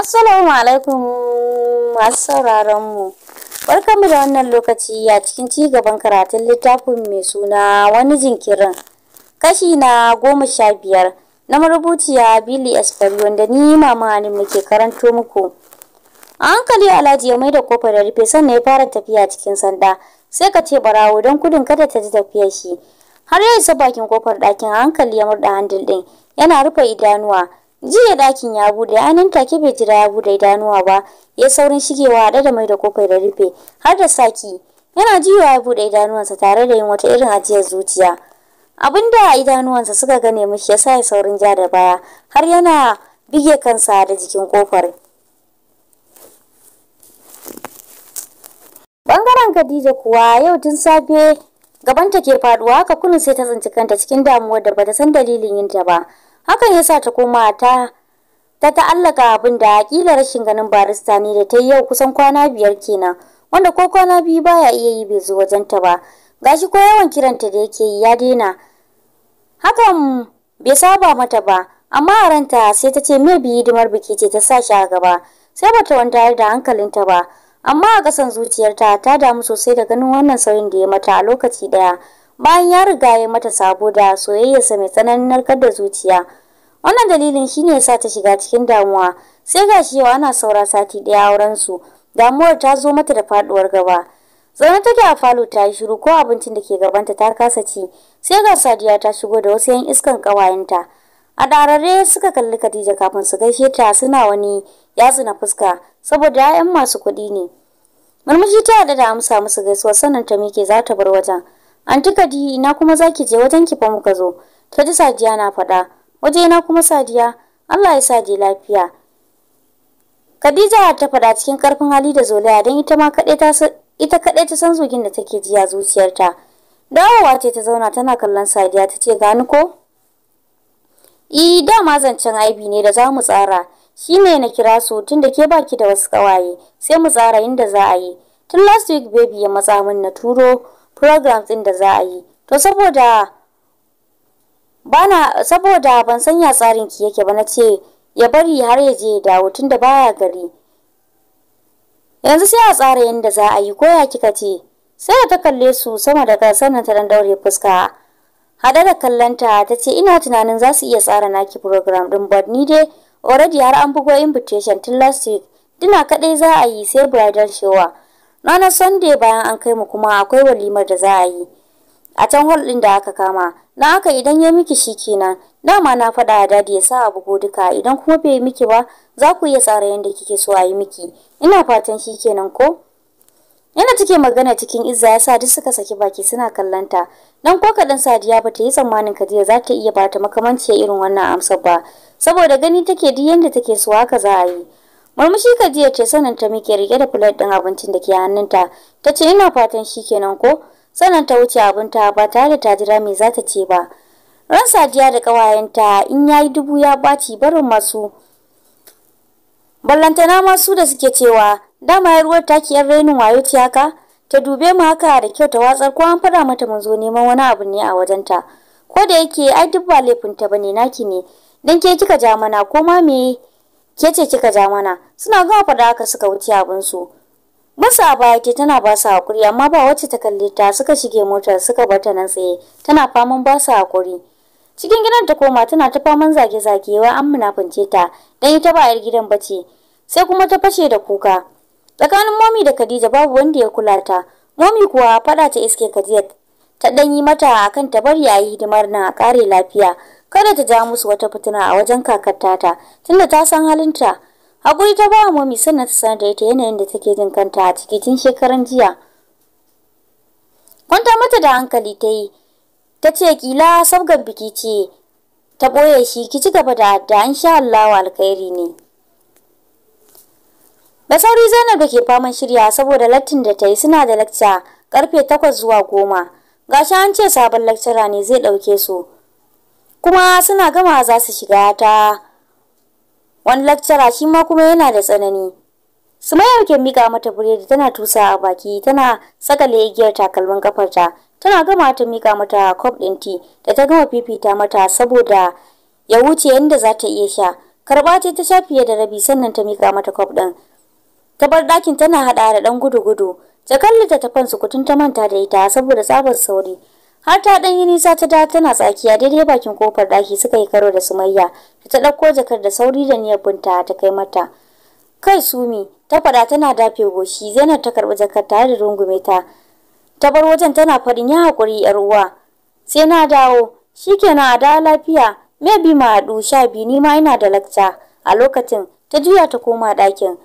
Assalamu alaikum masu sauraron mu. Barkanmu da wannan lokaci a cikin ci gaban karatun littafin mai suna wani jinkirin. Kashi na goma sha biyar na marubuciya Billy Espari wanda ni mama ne muke karanto muku. A hankali Alhaji ya maida kofa da rufe sannan ya fara tafiya cikin sanda sai ka ce barawo don kudin kada ta ji tafiya shi. Har ya isa bakin kofar ɗakin a hankali ya murda handil ɗin yana rufe idanuwa jiya dakin ya bude anan take bai jira ya bude idanuwa ba ya saurin shigewa haɗe da mai da kofar da rufe har da saki yana jiwa ya bude idanuwansa tare da yin wata irin ajiyar zuciya abin da idanuwansa suka gane mishi ya sa ya saurin ja da baya har yana bige kansa da jikin kofar bangaren khadija kuwa yau tun safe gabanta ke faduwa haka kunu sai ta tsinci kanta cikin damuwar da bata san dalilin yinta ba hakan ya sa ta koma ta ta ta'allaka abin da kila rashin ganin barista ne da ta yi yau kusan kwana biyar kenan wanda ko kwana biyu baya iya yi bai zo ta ba gashi ko yawan kiranta da yake yi ya daina hakan bai saba mata ba amma a ranta sai ta ce me bi hidimar biki ce ta sa shi a gaba sai bata wanda da hankalinta ba amma a kasan zuciyarta ta damu sosai da ganin wannan sauyin da ya mata a lokaci daya bayan ya riga ya mata sabo da soyayyarsa mai tsananin narkar da zuciya wannan dalilin shine ya sa ta shiga cikin damuwa sai gashi yawa ana saura sati daya auren su damuwar ta zo mata da faduwar gaba zaune take a falo ta yi shiru ko abincin da ke gabanta ta kasa ci sai ga sadiya ta shigo da wasu yan iskan kawayenta a dararre suka kalli khadija kafin su gaishe ta suna wani yatsu na fuska saboda 'yan masu kuɗi ne murmushi ta yada da amsa musu gaisuwa sannan ta mike za ta bar wajen anti kadi ina kuma zaki je wajen ki fa muka zo ta ji sadiya na faɗa waje ina kuma sadiya allah ya sadi lafiya khadija ta fada cikin karfin hali da zolaya dan ita ma kaɗai ta ita kade ta san zugin da take jiya a zuciyarta dawowa ce ta zauna tana kallon sadiya ta ce gani ko i dama zancen aibi ne da zamu mu tsara shine na kira su tunda ke baki da wasu kawaye sai mu tsara inda za a yi tun last week baby ya matsa min na turo programs ɗin da za a yi to saboda bana saboda ban sanya tsarin ki yake ba na ce ya bari har ya je ya dawo tunda baya gari yanzu sai a tsara yadda za a yi ko ya kika ce sai ta kalle su sama da sannan ta dan daure fuska hada da kallanta ta ce ina tunanin za su iya tsara naki program din but ni dai already har an bugo invitation tun last week dina kadai za a yi sai bridal shower ranar sunday bayan an kai mu kuma akwai walimar da za a yi a can hall din da aka kama na aka idan ya miki shi kenan dama na faɗa a dadi ya sa abu ko duka idan kuma bai yi miki ba za ku iya tsara yadda kike so a yi miki ina fatan shi kenan ko yana take magana cikin izza ya sa duk suka saki baki suna kallanta dan ko kaɗan sadiya ba ta yi tsammanin kadiya za ta iya bata makamanciyar irin wannan amsar ba saboda gani take duk yadda take so haka za a yi murmushi jiya ce sanin ta muke rike da plate din abincin da ke hannunta ta ce ina fatan shi kenan ko sananta ta wuce abinta ba tare da ta jira me za ta ce ba ran sadiya da ƙawayenta in yayi dubu ya baci barin masu ballantana masu da suke cewa dama ya ruwar taki yan rainin wayo ce haka ta dube mu haka da kyau ta watsar ko an fada mata mun zo neman wani abu ne a wajenta ko da yake ai duk ba laifinta bane naki ne dan ke kika ja mana ko ma me ke ce kika ja mana suna gama faɗa haka suka wuce abin su masu a baya tana ba su haƙuri amma ba wacce ta kalle ta suka shige motar suka bar nan tsaye tana faman ba su haƙuri cikin gidan ta koma tana ta faman zage-zage wa an munafince ta dan ita ba 'yar gidan bace sai kuma ta fashe da kuka tsakanin momi da khadija babu wanda ya kula ta momi kuwa faɗa ta iske khadija ta ɗanyi mata akan ta bari a yi hidimar nan a ƙare lafiya kada ta ja musu wata fitina a wajen kakar tata tunda ta san halinta hakuri ta ba mami sannan ta sanar da ita yanayin da take jin kanta a ciki tun shekaran jiya kwanta mata da hankali ta yi ta ce kila sabgar biki ce ta ɓoye shi ki ci gaba da adda in sha Allahu alkhairi ne da sauri Zainab da ke faman shirya saboda lattin da ta yi suna da lakca karfe takwas zuwa 10 gashi an ce sabon lecturer ne zai ɗauke su kuma suna gama za su shiga ta wani lakcara shi ma kuma yana da tsanani sumayar ke mika mata biredi tana tusa a baki tana saka igiyar takalmin kafarta tana gama ta mika mata kwaf ɗin ti da ta gama fifita mata saboda ya wuce yadda za ta iya sha karɓa ce ta sha fiye da rabi sannan ta mika mata kwaf ɗin ta bar ɗakin tana haɗa da ɗan gudu-gudu jakar littattafan sukutun ta manta da ita saboda tsabar sauri har ta dan yi nisa ta dawo tana tsakiya daidai bakin kofar daki suka yi karo da sumayya ta dauko jakar da sauri da niyyar bunta ta kai mata kai sumi ta fada tana dafe goshi zainab ta karbi jakar tare da rungume ta ta bar wajen tana farin ya hakuri yar uwa sai na dawo shikenan a da lafiya me bi ma du sha biyu ni ma ina da lakta a lokacin ta juya ta koma ɗakin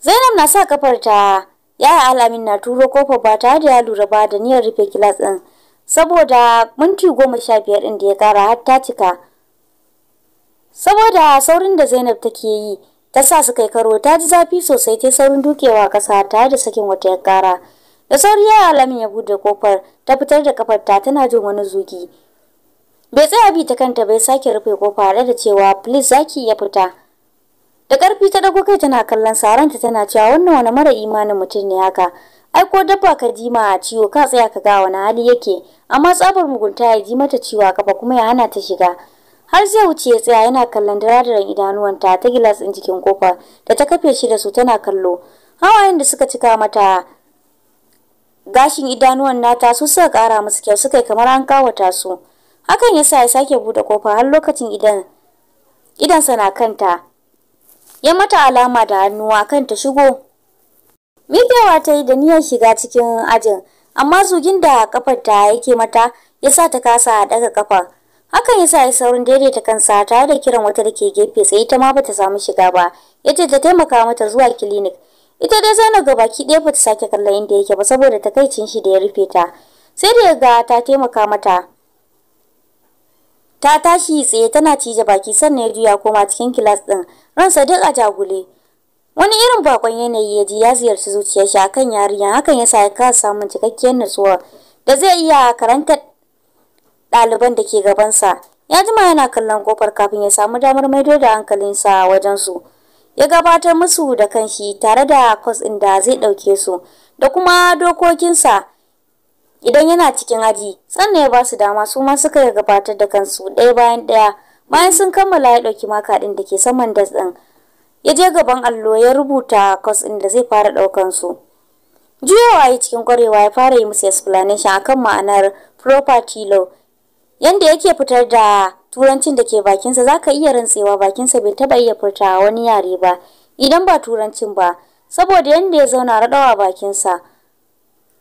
zainab na sa kafar ta yaya alamin na turo kofar ba tare da ya lura ba da niyyar rufe kilas ɗin saboda minti goma sha biyar ɗin da ya ƙara, har ta cika saboda saurin da zainab take yi ta sa su kai karo ta ji zafi sosai ta saurin dukewa ƙasa tare da sakin wata ya ƙara. da sauri yaya alamin ya buɗe kofar ta fitar da kafar ta tana jin wani zugi bai tsaya bi ta kanta bai sake rufe kofa da cewa please zaki ya fita da karfi ta dago kai tana kallon saranta tana cewa wannan wani mara imanin mutum ne haka ai ko dafa ka jima a ciwo ka tsaya ka ga wani hali yake amma tsabar mugunta ya ji mata ciwo kafa kuma ya hana ta shiga har zai wuce ya tsaya yana kallon daradaran idanuwanta ta gilas ɗin jikin kofa da ta kafe shi da su tana kallo hawayen da suka cika mata gashin idanuwan nata su suka kara musu kyau suka yi kamar an kawata su hakan yasa ya sake buɗe kofa har lokacin idan idansa na kanta ya mata alama da hannuwa kan ta shigo. Miƙewa ta yi da niyyar shiga cikin ajin, amma zugin da kafar ta yake mata ya sa ta kasa daga kafa Hakan ya sa ya saurin daidaita kansa tare da kiran wata da ke gefe sai ta ma ba ta samu shiga ba, ya ce ta taimaka mata zuwa kilinik. Ita dai zana ga baki ɗaya ba ta sake kallon inda yake ba saboda takaicin shi da ya rufe ta. Sai da ya ga ta taimaka mata, ta tashi tsaye tana cije baki sannan ya juya koma cikin kilas din ransa duk a jagule wani irin bakon yanayi ya ji ya ziyarci zuciyar shi akan yarinya hakan yasa ya kasa samun cikakkiyar nutsuwa da zai iya karanta ɗaliban da ke gabansa ya jima yana kallon kofar kafin ya samu damar maido da hankalinsa wajen su ya gabatar musu da kanshi tare da kwas ɗin da zai ɗauke su da kuma dokokinsa idan yana cikin aji sannan ya ba su dama su ma suka gabatar da kansu ɗaya bayan ɗaya bayan sun kammala ya ɗauki maka ɗin da ke saman das ɗin ya je gaban allo ya rubuta kwas ɗin da zai fara ɗaukan su juyawa ya cikin ƙwarewa ya fara yi musu explanation akan ma'anar property law yanda yake fitar da turancin da ke bakinsa za ka iya rantsewa bakinsa bai taɓa iya furta wani yare ba idan ba turancin ba saboda yanda ya zauna raɗawa bakinsa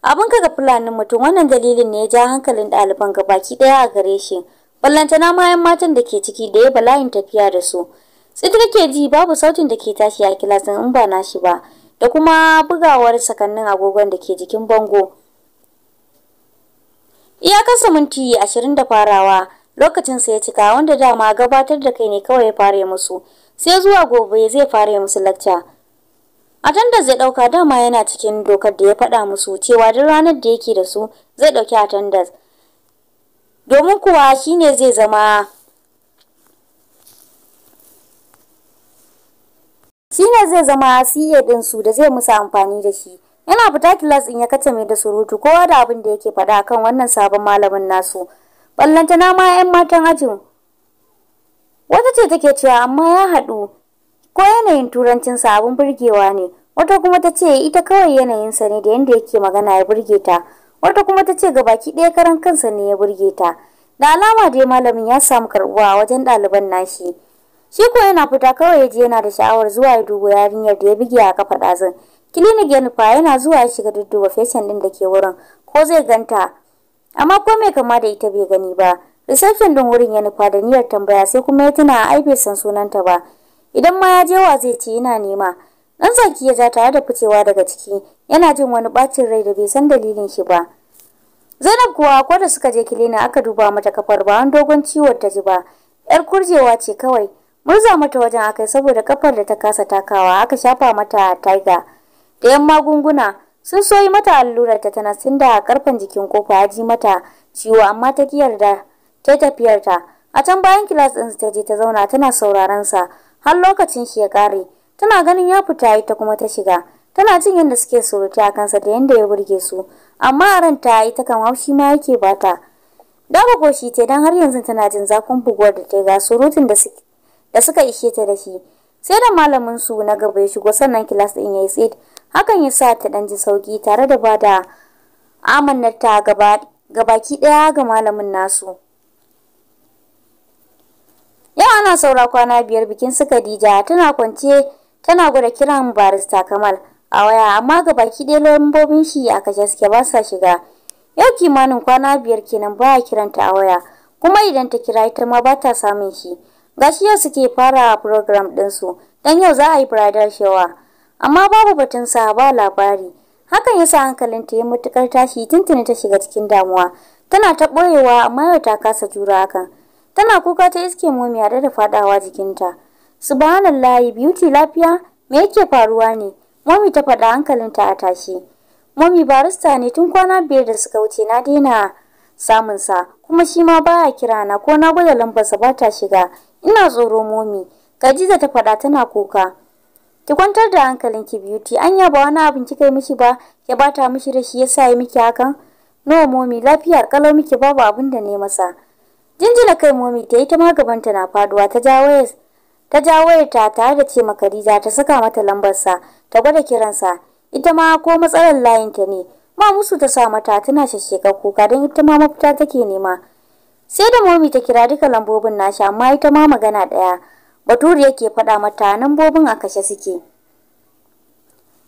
abin kaga fulanin mutum wannan dalilin ne ya ja hankalin ɗaliban gabaki ɗaya a gare shi ballantana ma yan matan da ke ciki da ya bala'in tafiya da su tsitir ke ji babu sautin da ke tashi a kilasin in ba nashi ba da kuma bugawar sakannin agogon da ke jikin bango iyakarsa minti ashirin da farawa lokacinsa ya cika wanda dama gabatar da kai ne kawai ya fara musu sai zuwa gobe zai fara musu lacca atanda zai ɗauka dama yana cikin dokar da ya faɗa musu cewa duk ranar da yake da su zai ɗauki attendance. Domin kuwa shine zai zama shine zai zama CA din su da zai musu amfani da shi. Yana fita kilas in ya kace mai da surutu kowa da abin da yake faɗa kan wannan sabon malamin nasu. Ballantana ma 'yan matan ajin. Wata ce take cewa amma ya haɗu ko yanayin turancinsa abin burgewa ne wata kuma ta ce ita kawai yanayin sa ne da yanda yake magana ya burge ta wata kuma ta ce baki ɗaya karan kansa ne ya burge ta da alama dai malamin ya samu karɓuwa wajen ɗaliban nashi shi ko yana fita kawai ya je yana da sha'awar zuwa ya dubo yarinyar da ya buge a kafa ɗazin kilinik ya nufa yana zuwa ya shiga dudduba feshin ɗin da ke wurin ko zai ganta amma ko mai kama da ita bai gani ba reception ɗin wurin ya nufa da niyyar tambaya sai kuma ya tuna a bai san sunanta ba idan ma ya je wa zai ci yana nema dan zaki ya ja tare da ficewa daga ciki yana jin wani bacin rai da bai san dalilin shi ba Zainab kuwa ko da suka je kilina aka duba mata kafar ba an dogon ciwon ta ji ba yar kurjewa ce kawai murza mata wajen akai saboda kafar da ta kasa takawa aka shafa mata tiger da yan magunguna sun soyi mata allurar ta tana sun da karfen jikin kofa ya ji mata ciwo amma ta ki yarda ta tafiyarta a can bayan kilas din ta je ta zauna tana sauraron sa har lokacin shi ya kare tana ganin ya fita ita kuma ta shiga tana jin yadda suke surutu a kansa da yadda ya burge su amma a ran ta ita kan haushi ma yake bata ba goshi ta dan har yanzu tana jin zafin buguwar da ta ga surutun da suka ishe ta da shi sai da malamin su na gaba ya shigo sannan kilas din yayi tsit hakan ya sa ta dan ji sauki tare da bada amannar ta gaba gabaki daya ga malamin nasu Yau ana saura kwana biyar bikin su Khadija tana kwance tana gwada kiran barista Kamal a waya amma ga baki ɗaya lambobin shi a kashe suke ba sa shiga. Yau kimanin kwana biyar kenan baya kiranta a waya kuma idan ta kira ita ma ba ta samun shi. Gashi yau suke fara program ɗinsu don yau za a yi bridal shewa. amma babu batun sa ba labari. Hakan yasa hankalinta ya matukar tashi tuntuni ta shiga cikin damuwa. Tana ta ɓoyewa amma yau ta kasa jura hakan. tana kuka ta iske momi a da faɗawa jikinta subhanallahi beauty lafiya me yake faruwa ne momi ta faɗa hankalinta a tashi momi barista ne tun kwana biyar da suka wuce na daina samun sa kuma shi ma baya kira na ko na gwada lambarsa ba ta shiga ina tsoro momi kajiza ta faɗa tana kuka ki kwantar da hankalinki beauty anya ba wani abin kika yi mishi ba ya bata mishi da shi yasa yi miki hakan no momi lafiya kalau miki babu abin da ne masa jinjina kai momi ta yi ta magabanta na faduwa ta jawaye ta jawaye ta tare da ce makariza ta saka mata lambar sa ta gwada kiransa ita ma ko matsalar layin ta ne ma musu ta sa mata tana shashshekar kuka don ita ma mafita take nema sai da momi ta kira duka lambobin nashi amma ita ma magana ɗaya baturi yake faɗa mata lambobin a kashe suke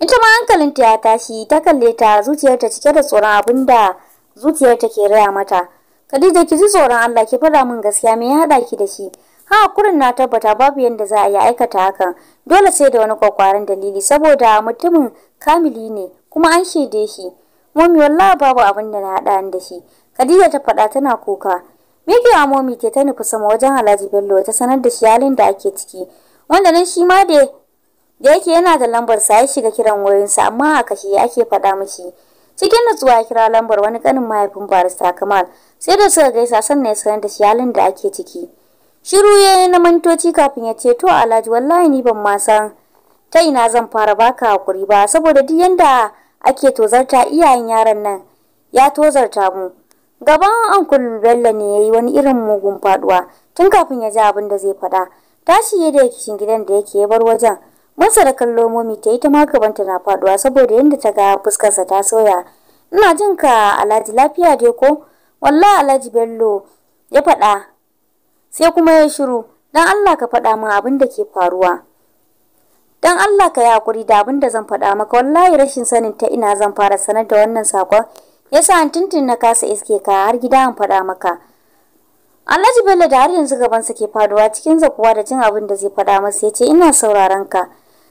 ita ma hankalinta ya tashi ta kalle ta zuciyarta cike da tsoron abin da zuciyarta ke raya mata Khadija ki ji tsoron Allah ki fada min gaskiya me ya haɗa ki da shi. Ha kurin na tabbata babu yanda za a yi aikata hakan. Dole sai da wani kwakwaran dalili saboda mutumin kamili ne kuma an shaide shi. Mami wallahi babu abin da na haɗa da shi. Khadija ta fada tana kuka. me a momi ke ta nufi sama wajen Alhaji Bello ta sanar da shi halin da ake ciki. Wanda nan shi ma da yake yana da lambar sa ya shiga kiran wayoyinsa amma a kashe ake fada mishi. cikin nutsuwa ya kira lambar wani kanin mahaifin barista kamal sai da suka gaisa sannan ya sanar da shi halin da ake ciki shiru ya yi na mantoci kafin ya ce to alhaji wallahi ni ban ma san ta ina zan fara baka hakuri ba saboda duk yanda ake tozarta iyayen yaron nan ya tozarta mu gaban ankul bello ne ya yi wani irin mugun faduwa tun kafin ya ji abin da zai faɗa tashi ya da kishin gidan da yake ya bar wajen Masa da kallo momi ta yi ta magabanta na faduwa saboda yadda ta ga fuskarsa ta soya. Ina jin ka Alhaji lafiya dai ko? Wallahi Alhaji Bello ya faɗa. Sai kuma ya shiru. Dan Allah ka faɗa min abin da ke faruwa. Dan Allah ka yi hakuri da abin da zan faɗa maka wallahi rashin sanin ta ina zan fara sanar da wannan sakon. Yasa an tuntun na kasa iske ka har gida an faɗa maka. Alhaji Bello da har yanzu gabansa ke faduwa cikin zakuwa da cin abin da zai faɗa masa ya ce ina sauraron ka.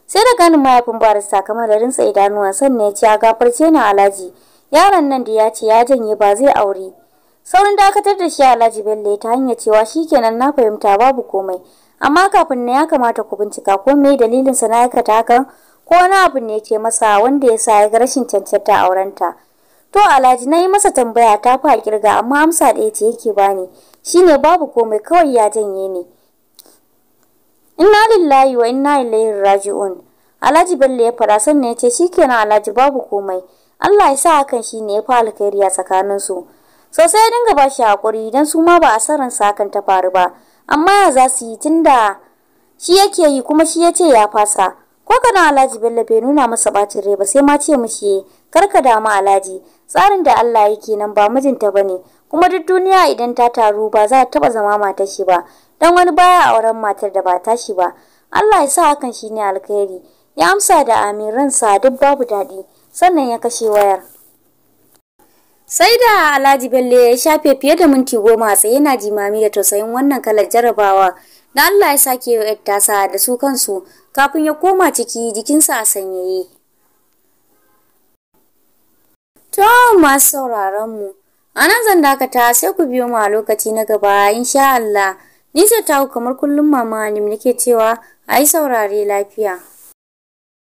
sai da ganin mahaifin barista sakamakon da rintsa idanuwa sannan ya ce ya gafarce ni alhaji yaron nan da ya ce ya janye ba zai aure saurin dakatar da shi alhaji bello ta hanyar cewa shi kenan na fahimta babu komai amma kafin na ya kamata ku bincika ko me dalilin sa na aikata hakan ko wani abu ne ke masa wanda ya sa ya ga rashin cancanta aurenta to alhaji na yi masa tambaya ta fa kirga amma amsa ɗaya ce yake bani shine babu komai kawai ya janye ne inna lillahi wa inna ilaihi raji'un alhaji bello ya fara sannan ya ce shikenan alhaji babu komai allah ya sa hakan shi ne ya fi alkhairi a su sosai ya dinga ba shi haƙuri don su ma ba a sarin hakan ta faru ba amma ya za su yi tunda shi yake yi kuma shi ya ce ya fasa ko kana alhaji bello bai nuna masa bacin rai ba sai ma ce mishi kar ka damu alhaji tsarin da allah yake nan ba mijinta ba ne kuma duk duniya idan ta taru ba za ta taɓa zama matar shi ba dan wani baya auren matar da ba ta shi ba Allah ya sa hakan shine alkhairi ya amsa da amin ransa duk babu daɗi sannan ya kashe wayar sai da Alhaji Bello ya shafe fiye da minti goma tsaye yana jimami da tausayin wannan kalar jarabawa da Allah ya sake wa tasa da su kansu kafin ya koma ciki jikinsa a sanyaye. To masu sauraron mu A nan zan dakata sai ku biyo mu a lokaci na gaba insha Allah. Ni zai tawo kamar kullum mama ni nake cewa a saurare lafiya.